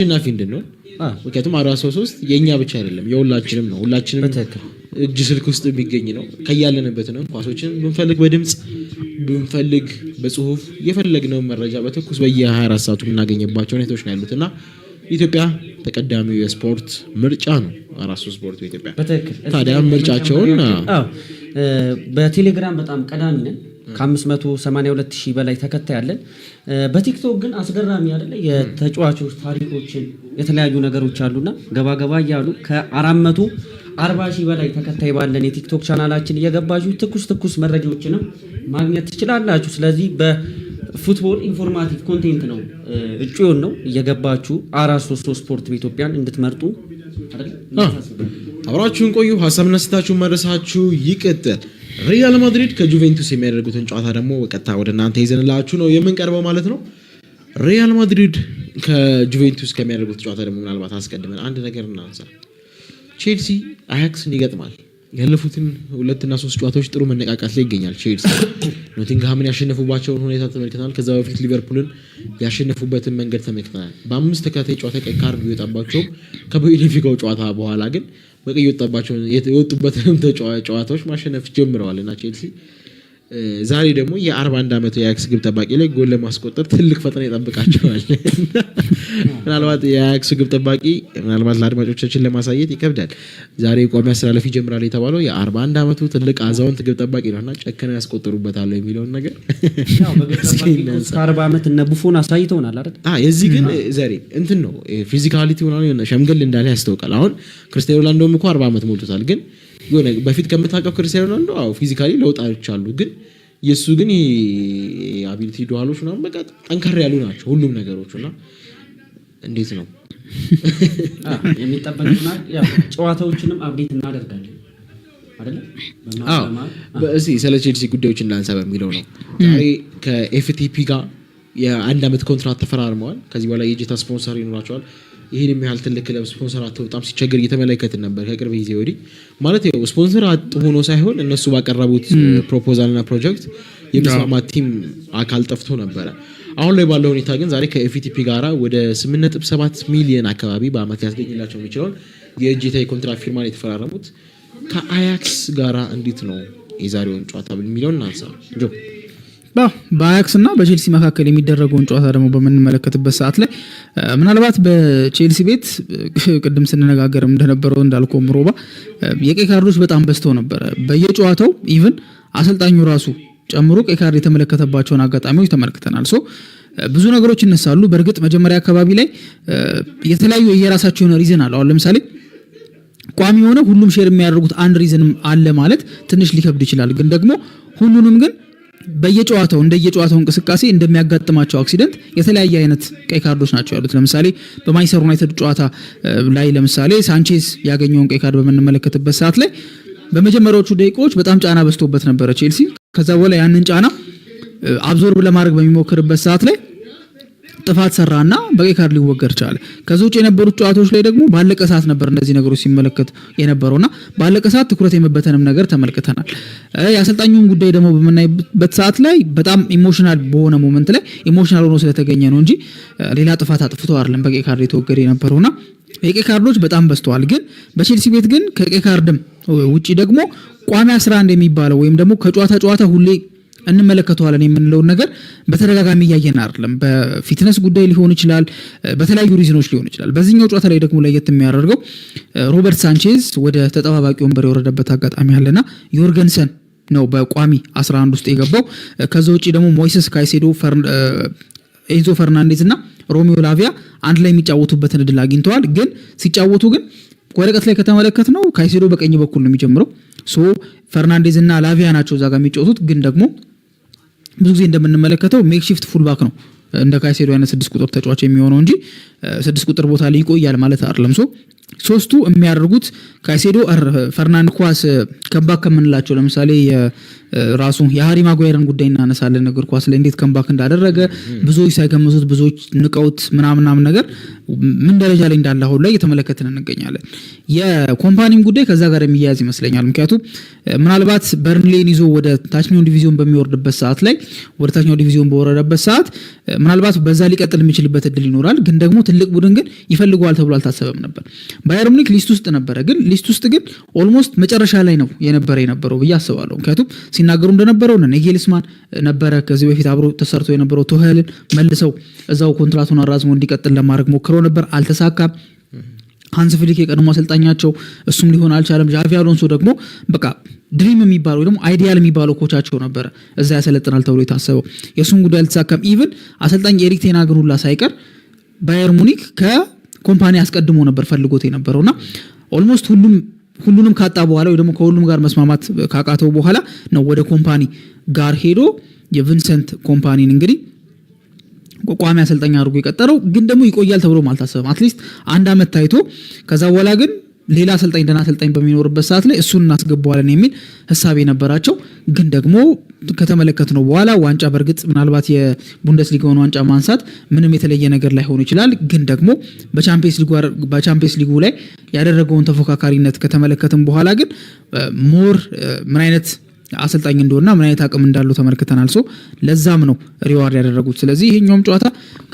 አሸናፊ እንድንሆን ምክንያቱም አራት ሰው ሶስት የእኛ ብቻ አይደለም የሁላችንም ነው። ሁላችንም እጅ ስልክ ውስጥ የሚገኝ ነው። ከያለንበት ነው። ኳሶችን ብንፈልግ በድምፅ ብንፈልግ በጽሁፍ የፈለግነውን መረጃ በትኩስ በየ24 ሰዓቱ የምናገኝባቸው ሁኔታዎች ነው ያሉት እና ኢትዮጵያ ተቀዳሚው የስፖርት ምርጫ ነው። አራት ሶስት ስፖርት በኢትዮጵያ ታዲያ ምርጫቸውን በቴሌግራም በጣም ቀዳሚ ነን። ከ582 ሺህ በላይ ተከታይ አለን። በቲክቶክ ግን አስገራሚ አይደለ? የተጫዋቾች ታሪኮችን የተለያዩ ነገሮች አሉና ገባገባ እያሉ ከ440 ሺህ በላይ ተከታይ ባለን የቲክቶክ ቻናላችን እየገባችሁ ትኩስ ትኩስ መረጃዎችንም ማግኘት ትችላላችሁ። ስለዚህ በፉትቦል ኢንፎርማቲቭ ኮንቴንት ነው እጩዮን ነው እየገባችሁ አራት ሶስት ሶስት ስፖርት በኢትዮጵያን እንድትመርጡ አብራችሁን ቆዩ። ሀሳብ ነስታችሁ መድረሳችሁ ይቀጥል። ሪያል ማድሪድ ከጁቬንቱስ የሚያደርጉትን ጨዋታ ደግሞ በቀጥታ ወደ እናንተ ይዘንላችሁ ነው የምንቀርበው ማለት ነው። ሪያል ማድሪድ ከጁቬንቱስ ከሚያደርጉት ጨዋታ ደግሞ ምናልባት አስቀድመን አንድ ነገር እናንሳ። ቼልሲ አያክስን ይገጥማል። ያለፉትን ሁለትና ሶስት ጨዋታዎች ጥሩ መነቃቃት ላይ ይገኛል። ቼልሲ ኖቲንግሃምን ያሸነፉባቸውን ሁኔታ ተመልክተናል። ከዛ በፊት ሊቨርፑልን ያሸነፉበትን መንገድ ተመልክተናል። በአምስት ተከታታይ ጨዋታ ቀይ ካርድ ቢወጣባቸውም ከቤኔፊካው ጨዋታ በኋላ ግን በቀይ የወጣባቸውን የወጡበትንም ጨዋታዎች ማሸነፍ ጀምረዋል እና ቼልሲ ዛሬ ደግሞ የ41 ዓመቱ የአያክስ ግብ ጠባቂ ላይ ጎል ለማስቆጠር ትልቅ ፈተና ይጠብቃቸዋል። ምናልባት የአያክሱ ግብ ጠባቂ ምናልባት ለአድማጮቻችን ለማሳየት ይከብዳል። ዛሬ ቋሚ አስተላለፍ ይጀምራል የተባለው የ41 ዓመቱ ትልቅ አዛውንት ግብ ጠባቂ ነው እና ጨከነው ያስቆጥሩበታል የሚለውን ነገር ከአርባ ዓመት እነ ቡፎን አሳይተውናል አይደል? የዚህ ግን ዘሬ እንትን ነው ፊዚካሊቲ ሆና ሸምገል እንዳለ ያስታውቃል። አሁን ክርስቲያኖ ሮናልዶም እኮ አርባ ዓመት ሞልቶታል ግን የሆነ በፊት ከምታውቀው ክርስቲያኖ ሮናልዶ ፊዚካሊ ለውጥ አይቻሉ፣ ግን የእሱ ግን አቢሊቲ ዱዋሎች ና በቃ ጠንከር ያሉ ናቸው ሁሉም ነገሮች እና እንዴት ነው የሚጠበቅ ጨዋታዎችንም አብዴት እናደርጋለን። እስኪ ስለ ቼልሲ ጉዳዮች እናንሳ በሚለው ነው ዛሬ ከኤፍቲፒ ጋር የአንድ ዓመት ኮንትራት ተፈራርመዋል። ከዚህ በኋላ የእጀታ ስፖንሰር ይኖራቸዋል። ይህን ያህል ትልቅ ክለብ ስፖንሰር አጥቶ በጣም ሲቸገር እየተመለከትን ነበር ከቅርብ ጊዜ ወዲህ። ማለት ያው ስፖንሰር አጥ ሆኖ ሳይሆን እነሱ ባቀረቡት ፕሮፖዛልና ፕሮጀክት የሚስማማ ቲም አካል ጠፍቶ ነበረ። አሁን ላይ ባለው ሁኔታ ግን ዛሬ ከኤፍቲፒ ጋራ ወደ 8.7 ሚሊዮን አካባቢ በአመት ሊያስገኝላቸው የሚችለውን የእጅታ የኮንትራት ፊርማን የተፈራረሙት ከአያክስ ጋራ እንዴት ነው የዛሬውን ጨዋታ የሚለውን እናንሳ። በአያክስ እና በቼልሲ መካከል የሚደረገውን ጨዋታ ደግሞ በምንመለከትበት ሰዓት ላይ ምናልባት በቼልሲ ቤት ቅድም ስንነጋገርም እንደነበረው እንዳልኮ ሮባ የቀይ ካርዶች በጣም በዝተው ነበረ። በየጨዋታው ኢቭን አሰልጣኙ ራሱ ጨምሮ ቀይ ካርድ የተመለከተባቸውን አጋጣሚዎች ተመልክተናል። ሶ ብዙ ነገሮች ይነሳሉ። በእርግጥ መጀመሪያ አካባቢ ላይ የተለያዩ የራሳቸው የሆነ ሪዝን አለ። አሁን ለምሳሌ ቋሚ የሆነ ሁሉም ሼር የሚያደርጉት አንድ ሪዝን አለ ማለት ትንሽ ሊከብድ ይችላል። ግን ደግሞ ሁሉንም ግን በየጨዋታው እንደየጨዋታው እንቅስቃሴ እንደሚያጋጥማቸው አክሲደንት የተለያየ አይነት ቀይ ካርዶች ናቸው ያሉት። ለምሳሌ በማይሰሩ ዩናይትድ ጨዋታ ላይ ለምሳሌ ሳንቼዝ ያገኘውን ቀይ ካርድ በምንመለከትበት ሰዓት ላይ በመጀመሪያዎቹ ደቂቃዎች በጣም ጫና በዝቶበት ነበረ ቼልሲ። ከዛ በኋላ ያንን ጫና አብዞርብ ለማድረግ በሚሞክርበት ሰዓት ላይ ጥፋት ሰራና በቀይ ካርድ ሊወገድ ቻለ። ከዚ ውጭ የነበሩት ጨዋታዎች ላይ ደግሞ ባለቀ ሰዓት ነበር እነዚህ ነገሮች ሲመለከት የነበረውና ባለቀ ሰዓት ትኩረት የመበተንም ነገር ተመልክተናል። የአሰልጣኙን ጉዳይ ደግሞ በምናይበት ሰዓት ላይ በጣም ኢሞሽናል በሆነ ሞመንት ላይ ኢሞሽናል ሆኖ ስለተገኘ ነው እንጂ ሌላ ጥፋት አጥፍቶ አይደለም በቀይ ካርድ የተወገደ የነበረውና የቀይ ካርዶች በጣም በዝተዋል። ግን በቼልሲ ቤት ግን ከቀይ ካርድም ውጭ ደግሞ ቋሚ 11 የሚባለው ወይም ደግሞ ከጨዋታ ጨዋታ ሁሌ እንመለከተዋለን የምንለውን ነገር በተደጋጋሚ እያየን አይደለም። በፊትነስ ጉዳይ ሊሆን ይችላል፣ በተለያዩ ሪዝኖች ሊሆን ይችላል። በዚህኛው ጨዋታ ላይ ደግሞ ለየት የሚያደርገው ሮበርት ሳንቼዝ ወደ ተጠባባቂ ወንበር የወረደበት አጋጣሚ አለና ዮርገንሰን ነው በቋሚ 11 ውስጥ የገባው። ከዛ ውጭ ደግሞ ሞይሰስ ካይሴዶ፣ ኤንዞ ፈርናንዴዝ እና ሮሚዮ ላቪያ አንድ ላይ የሚጫወቱበትን እድል አግኝተዋል። ግን ሲጫወቱ ግን ወረቀት ላይ ከተመለከት ነው ካይሴዶ በቀኝ በኩል ነው የሚጀምረው። ሶ ፈርናንዴዝ እና ላቪያ ናቸው እዛ ጋር የሚጫወቱት ግን ደግሞ ብዙ ጊዜ እንደምንመለከተው ሜክሺፍት ፉልባክ ነው እንደ ካይሴዶ አይነት ስድስት ቁጥር ተጫዋች የሚሆነው እንጂ ስድስት ቁጥር ቦታ ላይ ይቆያል ማለት አይደለም። ሶ ሶስቱ የሚያደርጉት ካይሴዶ ፈርናንድ ኳስ ከባክ ከምንላቸው ለምሳሌ ራሱ የሀሪ ማጓየርን ጉዳይ እናነሳለን። እግር ኳስ ላይ እንዴት ከምባክ እንዳደረገ ብዙዎች ሳይገምቱት ብዙዎች ንቀውት ምናምናም ነገር ምን ደረጃ ላይ እንዳለ አሁን ላይ እየተመለከትን እንገኛለን። የኮምፓኒም ጉዳይ ከዛ ጋር የሚያያዝ ይመስለኛል። ምክንያቱም ምናልባት በርንሌን ይዞ ወደ ታችኛው ዲቪዚዮን በሚወርድበት ሰዓት ላይ ወደ ታችኛው ዲቪዚዮን በወረደበት ሰዓት ምናልባት በዛ ሊቀጥል የሚችልበት እድል ይኖራል። ግን ደግሞ ትልቅ ቡድን ግን ይፈልገዋል ተብሎ አልታሰበም ነበር። ባየር ሙኒክ ሊስት ውስጥ ነበረ፣ ግን ሊስት ውስጥ ግን ኦልሞስት መጨረሻ ላይ ነው የነበረ የነበረው ብዬ አስባለሁ ምክንያቱም ሲናገሩ እንደነበረው እነ ጌሊስማን ነበረ ከዚህ በፊት አብሮ ተሰርቶ የነበረው ቱኸልን መልሰው እዛው ኮንትራቱን አራዝሞ እንዲቀጥል ለማድረግ ሞክረው ነበር፣ አልተሳካም። ሃንስ ፍሊክ የቀድሞ አሰልጣኛቸው እሱም ሊሆን አልቻለም። ጃቪ አሎንሶ ደግሞ በቃ ድሪም የሚባለው ደግሞ አይዲያል የሚባለው ኮቻቸው ነበረ እዛ ያሰለጥናል ተብሎ የታሰበው የእሱም ጉዳይ አልተሳካም። ኢቭን አሰልጣኝ ኤሪክ ቴናግን ሁላ ሳይቀር ባየር ሙኒክ ከኮምፓኒ አስቀድሞ ነበር ፈልጎት የነበረውና ኦልሞስት ሁሉም ሁሉንም ካጣ በኋላ ወይ ደግሞ ከሁሉም ጋር መስማማት ካቃተው በኋላ ነው ወደ ኮምፓኒ ጋር ሄዶ የቪንሰንት ኮምፓኒን እንግዲህ ቋሚ አሰልጣኝ አድርጎ የቀጠረው። ግን ደግሞ ይቆያል ተብሎም አልታሰበም። አትሊስት አንድ አመት ታይቶ ከዛ በኋላ ግን ሌላ አሰልጣኝ ደና አሰልጣኝ በሚኖርበት ሰዓት ላይ እሱን እናስገባዋለን የሚል ሀሳብ የነበራቸው ግን ደግሞ ከተመለከት ነው በኋላ ዋንጫ በእርግጥ ምናልባት የቡንደስሊጋውን ዋንጫ ማንሳት ምንም የተለየ ነገር ላይሆን ይችላል። ግን ደግሞ በቻምፒየንስ ሊጉ ላይ ያደረገውን ተፎካካሪነት ከተመለከትም በኋላ ግን ሞር ምን አይነት አሰልጣኝ እንደሆነና ምን አይነት አቅም እንዳለው ተመልክተናል። ሶ ለዛም ነው ሪዋርድ ያደረጉት። ስለዚህ ይሄኛውም ጨዋታ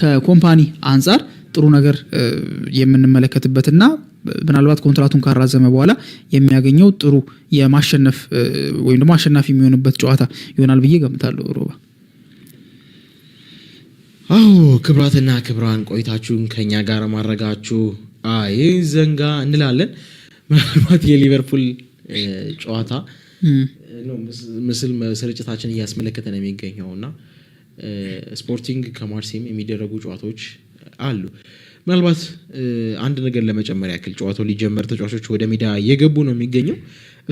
ከኮምፓኒ አንጻር ጥሩ ነገር የምንመለከትበትና ምናልባት ኮንትራቱን ካራዘመ በኋላ የሚያገኘው ጥሩ የማሸነፍ ወይም ደግሞ አሸናፊ የሚሆንበት ጨዋታ ይሆናል ብዬ ገምታለሁ። ሮባ አሁ ክብራትና ክብራን ቆይታችሁን ከኛ ጋር ማድረጋችሁ አይ ዘንጋ እንላለን። ምናልባት የሊቨርፑል ጨዋታ ምስል ስርጭታችን እያስመለከተ ነው የሚገኘው እና ስፖርቲንግ ከማርሴም የሚደረጉ ጨዋታዎች አሉ። ምናልባት አንድ ነገር ለመጨመር ያክል ጨዋታው ሊጀመር ተጫዋቾች ወደ ሜዳ እየገቡ ነው የሚገኘው።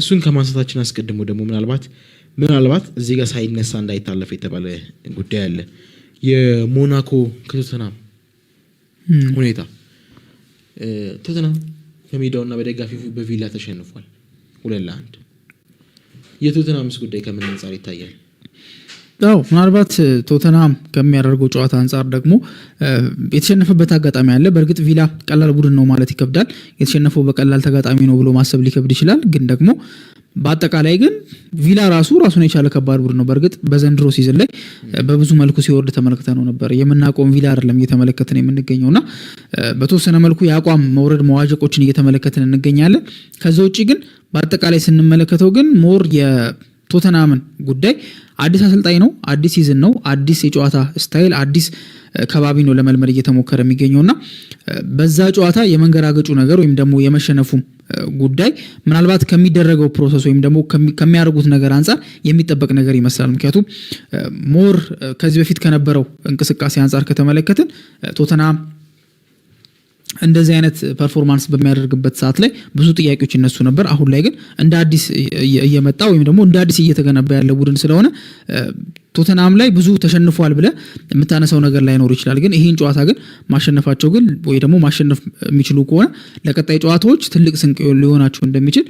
እሱን ከማንሳታችን አስቀድሞ ደግሞ ምናልባት ምናልባት እዚህ ጋር ሳይነሳ እንዳይታለፍ የተባለ ጉዳይ አለ። የሞናኮ ከቶተናም ሁኔታ ቶተናም በሜዳውና በደጋፊ በቪላ ተሸንፏል ሁለት ለአንድ። የቶተናምስ ጉዳይ ከምን አንጻር ይታያል? ው ምናልባት ቶተናም ከሚያደርገው ጨዋታ አንጻር ደግሞ የተሸነፈበት አጋጣሚ አለ። በእርግጥ ቪላ ቀላል ቡድን ነው ማለት ይከብዳል። የተሸነፈው በቀላል ተጋጣሚ ነው ብሎ ማሰብ ሊከብድ ይችላል። ግን ደግሞ በአጠቃላይ ግን ቪላ ራሱ ራሱን የቻለ ከባድ ቡድን ነው። በእርግጥ በዘንድሮ ሲዝን ላይ በብዙ መልኩ ሲወርድ ተመልክተ ነው ነበር የምናውቀውን ቪላ አይደለም እየተመለከትን የምንገኘው እና በተወሰነ መልኩ የአቋም መውረድ መዋዠቆችን እየተመለከትን እንገኛለን። ከዚ ውጭ ግን በአጠቃላይ ስንመለከተው ግን ሞር ቶተናምን ጉዳይ አዲስ አሰልጣኝ ነው፣ አዲስ ሲዝን ነው፣ አዲስ የጨዋታ ስታይል፣ አዲስ ከባቢ ነው ለመልመድ እየተሞከረ የሚገኘው እና በዛ ጨዋታ የመንገራገጩ ነገር ወይም ደግሞ የመሸነፉ ጉዳይ ምናልባት ከሚደረገው ፕሮሰስ ወይም ደግሞ ከሚያደርጉት ነገር አንጻር የሚጠበቅ ነገር ይመስላል። ምክንያቱም ሞር ከዚህ በፊት ከነበረው እንቅስቃሴ አንጻር ከተመለከትን ቶተናም እንደዚህ አይነት ፐርፎርማንስ በሚያደርግበት ሰዓት ላይ ብዙ ጥያቄዎች ይነሱ ነበር። አሁን ላይ ግን እንደ አዲስ እየመጣ ወይም ደግሞ እንደ አዲስ እየተገነባ ያለ ቡድን ስለሆነ ቶተናም ላይ ብዙ ተሸንፏል ብለ የምታነሳው ነገር ላይኖር ይችላል። ግን ይህን ጨዋታ ግን ማሸነፋቸው ግን ወይ ደግሞ ማሸነፍ የሚችሉ ከሆነ ለቀጣይ ጨዋታዎች ትልቅ ስንቅ ሊሆናቸው እንደሚችል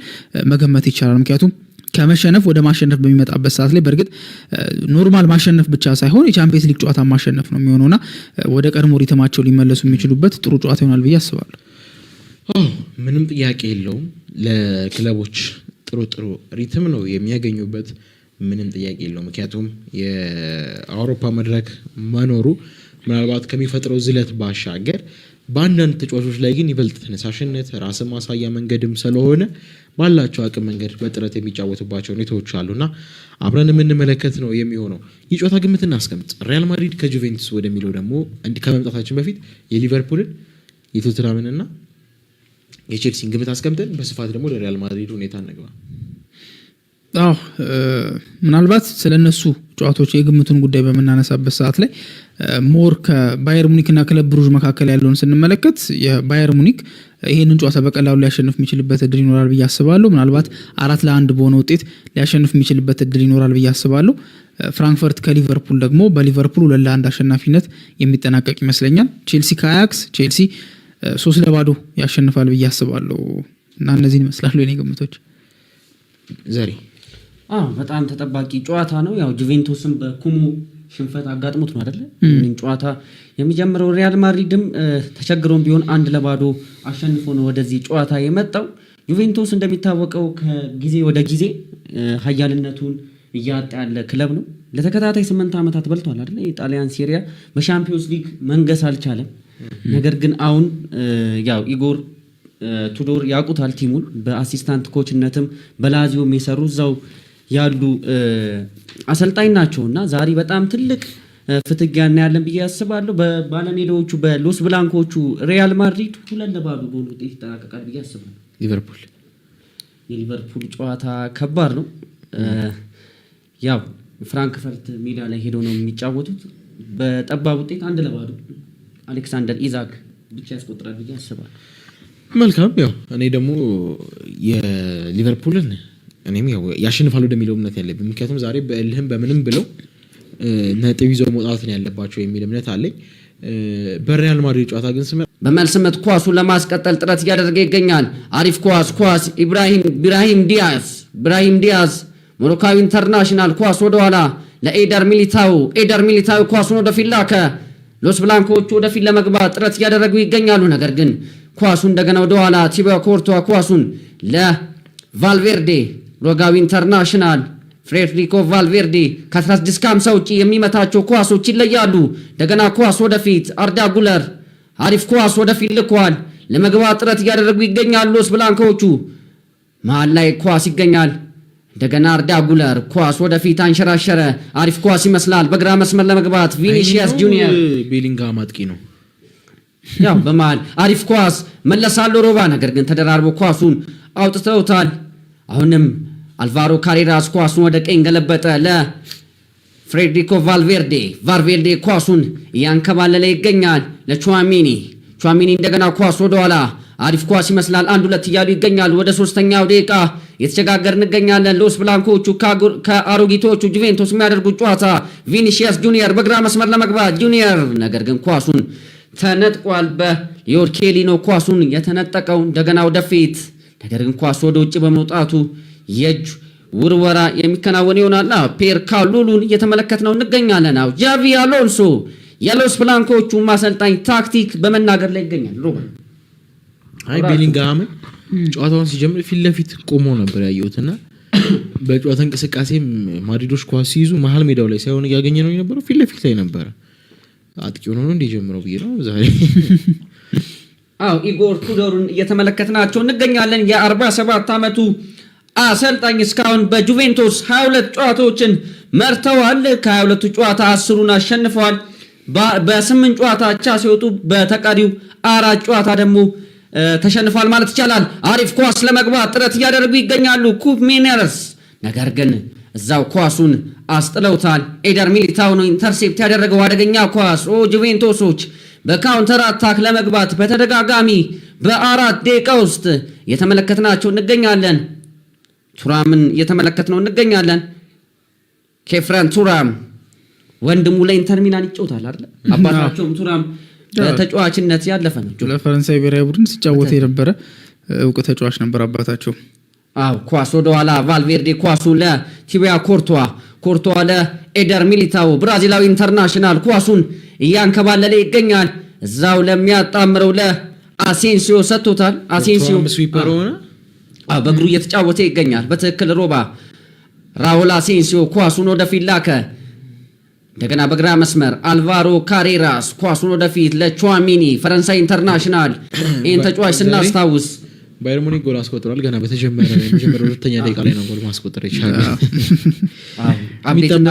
መገመት ይቻላል ምክንያቱም ከመሸነፍ ወደ ማሸነፍ በሚመጣበት ሰዓት ላይ በእርግጥ ኖርማል ማሸነፍ ብቻ ሳይሆን የቻምፒየንስ ሊግ ጨዋታ ማሸነፍ ነው የሚሆነውና ወደ ቀድሞ ሪትማቸው ሊመለሱ የሚችሉበት ጥሩ ጨዋታ ይሆናል ብዬ አስባለሁ። ምንም ጥያቄ የለውም። ለክለቦች ጥሩ ጥሩ ሪትም ነው የሚያገኙበት፣ ምንም ጥያቄ የለው። ምክንያቱም የአውሮፓ መድረክ መኖሩ ምናልባት ከሚፈጥረው ዝለት ባሻገር በአንዳንድ ተጫዋቾች ላይ ግን ይበልጥ ተነሳሽነት ራስ ማሳያ መንገድም ስለሆነ ባላቸው አቅም መንገድ በጥረት የሚጫወቱባቸው ሁኔታዎች አሉና አብረን የምንመለከት ነው የሚሆነው። የጨዋታ ግምት እናስቀምጥ። ሪያል ማድሪድ ከጁቬንቱስ ወደሚለው ደግሞ ከመምጣታችን በፊት የሊቨርፑልን የቶትናምንና የቼልሲን ግምት አስቀምጠን በስፋት ደግሞ ለሪያል ማድሪድ ሁኔታ እንግባ። አዎ ምናልባት ስለ እነሱ ጨዋታዎች የግምቱን ጉዳይ በምናነሳበት ሰዓት ላይ ሞር ከባየር ሙኒክ እና ክለብ ብሩዥ መካከል ያለውን ስንመለከት የባየር ሙኒክ ይህንን ጨዋታ በቀላሉ ሊያሸንፍ የሚችልበት እድል ይኖራል ብዬ አስባለሁ። ምናልባት አራት ለአንድ በሆነ ውጤት ሊያሸንፍ የሚችልበት እድል ይኖራል ብዬ አስባለሁ። ፍራንክፈርት ከሊቨርፑል ደግሞ በሊቨርፑል ሁለት ለአንድ አሸናፊነት የሚጠናቀቅ ይመስለኛል። ቼልሲ ከአያክስ ቼልሲ ሶስት ለባዶ ያሸንፋል ብዬ አስባለሁ እና እነዚህን ይመስላሉ የኔ ግምቶች ዘሪ በጣም ተጠባቂ ጨዋታ ነው። ያው ጁቬንቱስም በኩሙ ሽንፈት አጋጥሞት ነው ይህንን ጨዋታ የሚጀምረው ሪያል ማድሪድም ተቸግሮም ቢሆን አንድ ለባዶ አሸንፎ ነው ወደዚህ ጨዋታ የመጣው። ጁቬንቱስ እንደሚታወቀው ከጊዜ ወደ ጊዜ ኃያልነቱን እያጣ ያለ ክለብ ነው። ለተከታታይ ስምንት ዓመታት በልቷል አደለ የጣሊያን ሴሪያ በሻምፒዮንስ ሊግ መንገስ አልቻለም። ነገር ግን አሁን ያው ኢጎር ቱዶር ያውቁታል ቲሙን በአሲስታንት ኮችነትም በላዚዮም የሰሩ እዛው ያሉ አሰልጣኝ ናቸው እና ዛሬ በጣም ትልቅ ፍትጊያ እናያለን ብዬ አስባለሁ። በባለሜዳዎቹ በሎስ ብላንኮቹ ሪያል ማድሪድ ሁለት ለባዶ በሆነ ውጤት ይጠናቀቃል ብዬ አስባለሁ። ሊቨርፑል የሊቨርፑል ጨዋታ ከባድ ነው። ያው ፍራንክፈርት ሜዳ ላይ ሄደው ነው የሚጫወቱት። በጠባብ ውጤት አንድ ለባዶ አሌክሳንደር ኢዛክ ብቻ ያስቆጥራል ብዬ አስባለሁ። መልካም ያው እኔ ደግሞ የሊቨርፑልን እኔም ያው ያሸንፋል ወደሚለው እምነት ያለብኝ ምክንያቱም ዛሬ በእልህም በምንም ብለው ነጥብ ይዘው መውጣት ያለባቸው የሚል እምነት አለኝ። በሪያል ማድሪድ ጨዋታ ግን ስመ በመልስ ምት ኳሱን ለማስቀጠል ጥረት እያደረገ ይገኛል። አሪፍ ኳስ ኳስ ኢብራሂም ብራሂም ዲያስ ብራሂም ዲያዝ ሞሮካዊ ኢንተርናሽናል ኳስ ወደኋላ ለኤደር ሚሊታው ኤደር ሚሊታው ኳሱን ወደፊት ላከ። ሎስ ብላንኮቹ ወደፊት ለመግባት ጥረት እያደረጉ ይገኛሉ። ነገር ግን ኳሱ እንደገና ወደኋላ ቲቦ ኮርቷ ኳሱን ለቫልቬርዴ ሮጋዊ ኢንተርናሽናል ፍሬድሪኮ ቫልቬርዴ ከ ከ50 ውጪ የሚመታቸው ኳሶች ይለያሉ። እንደገና ኳስ ወደፊት አርዳ ጉለር አሪፍ ኳስ ወደፊት ልኳል። ለመግባት ጥረት እያደረጉ ይገኛሉ። ስ ብላንካዎቹ መሃል ላይ ኳስ ይገኛል። እንደገና አርዳ ጉለር ኳስ ወደፊት አንሸራሸረ። አሪፍ ኳስ ይመስላል። በግራ መስመር ለመግባት ቪኒሺየስ ጁኒየር ነው። ያው በመሃል አሪፍ ኳስ መለሳሉ ሮባ፣ ነገር ግን ተደራርቦ ኳሱን አውጥተውታል። አሁንም አልቫሮ ካሬራስ ኳሱን ወደ ቀኝ ገለበጠ ለፍሬድሪኮ ቫልቬርዴ። ቫልቬርዴ ኳሱን እያንከባለለ ይገኛል ለቹዋሚኒ። ቹዋሚኒ እንደገና ኳሱ ወደኋላ አሪፍ ኳስ ይመስላል። አንድ ሁለት እያሉ ይገኛል። ወደ ሶስተኛው ደቂቃ የተሸጋገር እንገኛለን። ሎስ ብላንኮቹ ከአሮጊቶቹ ጁቬንቶስ የሚያደርጉት ጨዋታ ቪኒሺየስ ጁኒየር በግራ መስመር ለመግባት ጁኒየር ነገር ግን ኳሱን ተነጥቋል። በዮርኬሊ ነው ኳሱን የተነጠቀው። እንደገና ወደፊት ነገር ግን ኳስ ወደ ውጭ በመውጣቱ የእጅ ውርወራ የሚከናወን ይሆናል። ፔር ካሉሉን እየተመለከት ነው እንገኛለን። አው ጃቪ አሎንሶ የሎስ ብላንኮቹ ማሰልጣኝ ታክቲክ በመናገር ላይ ይገኛል። አይ ቤሊንግሃምን ጨዋታውን ሲጀምር ፊት ለፊት ቆሞ ነበር ያየሁትና በጨዋታ እንቅስቃሴ ማድሪዶች ኳስ ሲይዙ መሀል ሜዳው ላይ ሳይሆን እያገኘ ነው የነበረው ፊት ለፊት ላይ ነበረ። አጥቂው ነው እንዲጀምረው ብዬ ነው ዛሬ አው ኢጎር ቱዶርን እየተመለከትናቸው እንገኛለን። የ47 ዓመቱ አሰልጣኝ እስካሁን በጁቬንቱስ 22 ጨዋታዎችን መርተዋል። ከ22ቱ ጨዋታ አስሩን አሸንፈዋል። በስምንት ጨዋታ አቻ ሲወጡ በተቀሪው አራት ጨዋታ ደግሞ ተሸንፏል ማለት ይቻላል። አሪፍ ኳስ ለመግባት ጥረት እያደረጉ ይገኛሉ ኩፕ ሚነርስ፣ ነገር ግን እዛው ኳሱን አስጥለውታል። ኤደር ሚሊታው ነው ኢንተርሴፕት ያደረገው አደገኛ ኳስ። ኦ ጁቬንቶሶች በካውንተር አታክ ለመግባት በተደጋጋሚ በአራት ደቂቃ ውስጥ የተመለከትናቸው እንገኛለን። ቱራምን እየተመለከትነው እንገኛለን። ኬፍረን ቱራም ወንድሙ ለኢንተር ሚላን ይጫወታል አይደል? አባታቸውም ቱራም ተጫዋችነት ያለፈ ናቸው። ለፈረንሳይ ብሔራዊ ቡድን ሲጫወት የነበረ እውቅ ተጫዋች ነበር አባታቸው። አው ኳስ ወደኋላ ቫልቬርዴ ኳሱ ለቲቢያ ኮርቷ፣ ኮርቷ ለኤደር ሚሊታው ብራዚላዊ ኢንተርናሽናል ኳሱን እያንከባለለ ይገኛል። እዛው ለሚያጣምረው ለአሴንሲዮ ሰጥቶታል። አሴንሲዮ በእግሩ እየተጫወተ ይገኛል። በትክክል ሮባ ራውል አሴንሲዮ ኳሱን ወደፊት ላከ። እንደገና በግራ መስመር አልቫሮ ካሬራስ ኳሱን ወደፊት ለቹዋሚኒ ፈረንሳይ ኢንተርናሽናል። ይህን ተጫዋች ስናስታውስ ባየር ሙኒክ ጎል አስቆጥሯል። ገና በተጀመረ ሁለተኛ ደቂቃ ላይ ነው ጎል ማስቆጠር ይቻላል።